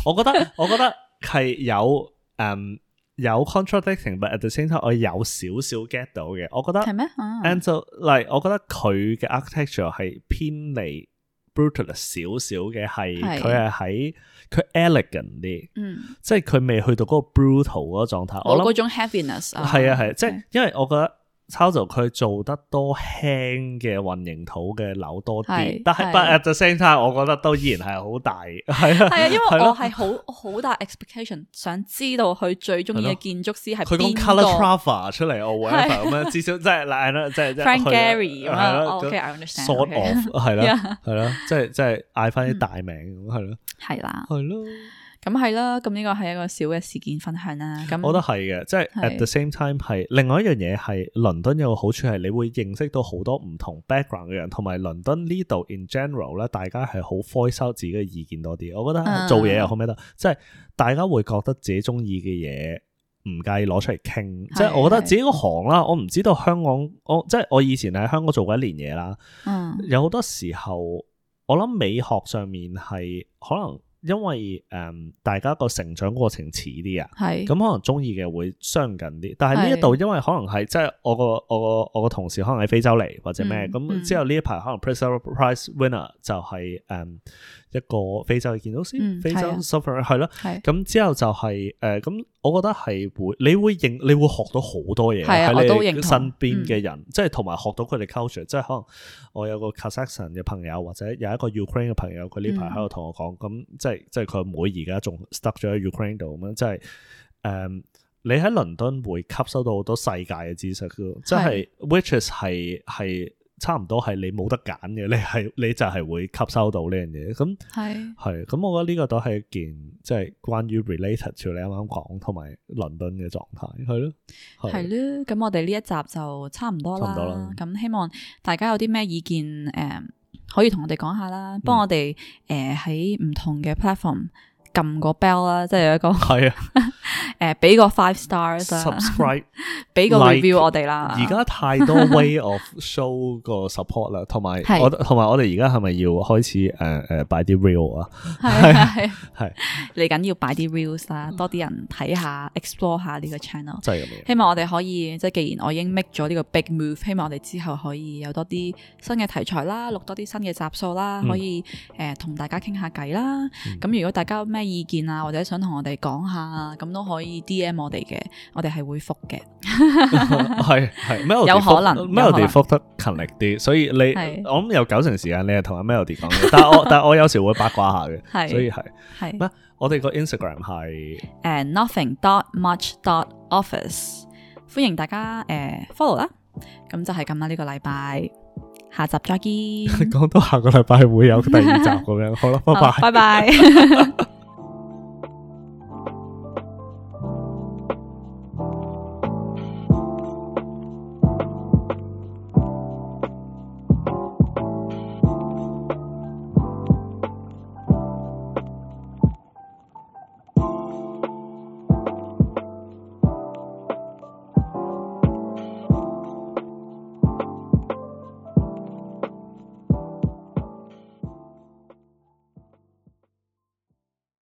我覺得、啊、so, like, 我覺得係有誒有 contradicting，but at the same time，我有少少 get 到嘅。我覺得係咩？And 就嚟，我覺得佢嘅 architecture 係偏離 brutal 少少嘅，係佢係喺佢 elegant 啲，嗯，即係佢未去到嗰個 brutal 嗰個狀態。我嗰種 happiness 係啊係，即係因為我覺得。抄做佢做得多輕嘅混凝土嘅樓多啲，但係 but at the same time 我覺得都依然係好大，係啊，係啊，因為我係好好大 expectation，想知道佢最中意嘅建築師係邊個？佢講 Calatrava 出嚟，我會啊咁樣，至少即係即係 Frank Gehry 咁樣，我 understand。Sort of 係啦，係啦，即係即係嗌翻啲大名咁係咯，係啦，係咯。咁係啦，咁呢個係一個小嘅事件分享啦。咁我覺得係嘅，即係 at the same time 係另外一樣嘢係，倫敦有個好處係你會認識到好多唔同 background 嘅人，同埋倫敦呢度 in general 咧，大家係好 voice out 自己嘅意見多啲。我覺得做嘢又好咩得，即係、嗯、大家會覺得自己中意嘅嘢唔介意攞出嚟傾。即係是我覺得自己個行啦，我唔知道香港，我即係我以前喺香港做過一年嘢啦。嗯、有好多時候我諗美學上面係可能。因為誒、嗯，大家個成長過程似啲啊，係咁是可能中意嘅會相近啲，但係呢度因為可能係即係我個我個我個同事可能喺非洲嚟或者咩，咁、嗯嗯、之後呢一排可能 Prize winner 就係、是、誒。嗯一個非洲嘅建築師，非洲 surfer 係咯，咁之後就係誒，咁我覺得係會，你會認，你會學到好多嘢喺你身邊嘅人，即係同埋學到佢哋 culture，即係可能我有個 Croatian 嘅朋友，或者有一個 Ukraine 嘅朋友，佢呢排喺度同我講，咁即係即係佢阿妹而家仲 stuck 咗喺 Ukraine 度咁樣，即係誒，你喺倫敦會吸收到好多世界嘅知識，即係 whiches 係。差唔多係你冇得揀嘅，你係你就係會吸收到呢樣嘢。咁係係咁，的我覺得呢個都係一件即係，就是，關於 related 住你啱啱講同埋倫敦嘅狀態，係咯，係咯。咁我哋呢一集就差唔多啦。咁希望大家有啲咩意見，誒、呃，可以同我哋講下啦，幫我哋誒喺唔同嘅 platform。撳個 bell 啦，即係有一個，誒，俾個 five stars 啦，subscribe，俾個 review 我哋啦。而家太多 way of show 個 support 啦，同埋我，同埋我哋而家係咪要開始誒誒擺啲 reel 啊？係係嚟緊要擺啲 reel 啦，多啲人睇下，explore 下呢個 channel。真係，希望我哋可以，即係既然我已經 make 咗呢個 big move，希望我哋之後可以有多啲新嘅題材啦，錄多啲新嘅集數啦，可以誒同大家傾下偈啦。咁如果大家咩意見啊，或者想同我哋講下啊，咁都可以 DM 我哋嘅，我哋係會覆嘅。係係有可能 ，Melody 覆得勤力啲，所以你是我諗有九成時間你係同阿 Melody 講嘅，但係我但係我有時會八卦下嘅， 是所以係係咩？我哋個 Instagram 係誒 nothing dot much dot office，歡迎大家誒、呃、follow 啦。咁就係咁啦，呢、呢個禮拜下集再見。講 到下個禮拜會有第二集咁樣，好啦，拜 拜，拜拜。 Bye bye